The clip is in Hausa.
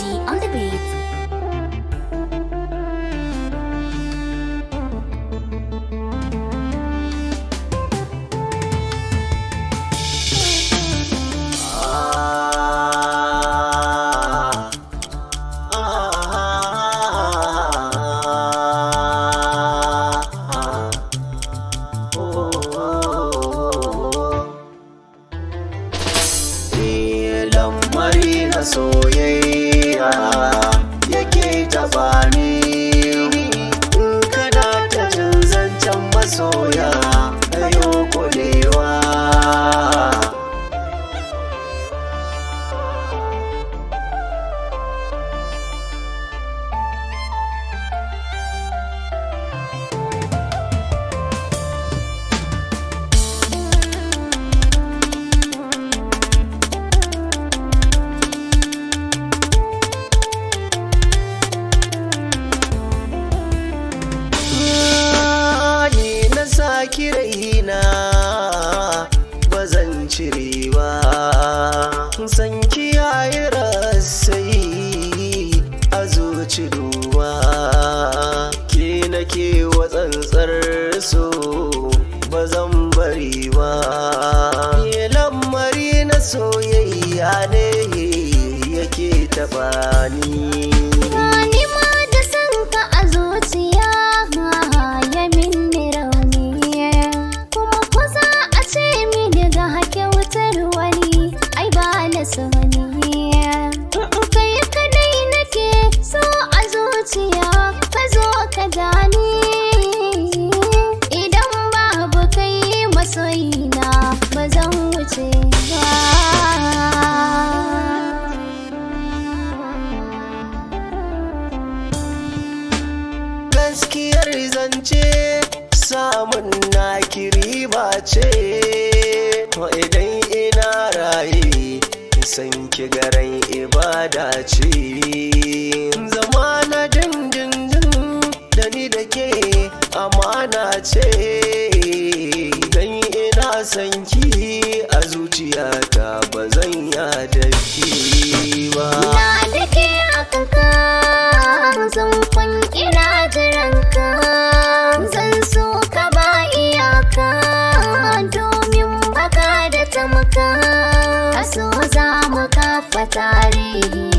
on the beat. na ba zan cire ba san kiyaye rasai a zuci duba ke nake wa tsantsar so ba zan bari ba ke lamari na soyayya ne yake taɓa ni samun na kiriba ce to idan ina rayu san ki garan ibada ce zama na dindindin da ni da ke amana ce dan ina san ki a zuciyata ba zan yada ki ba tarihi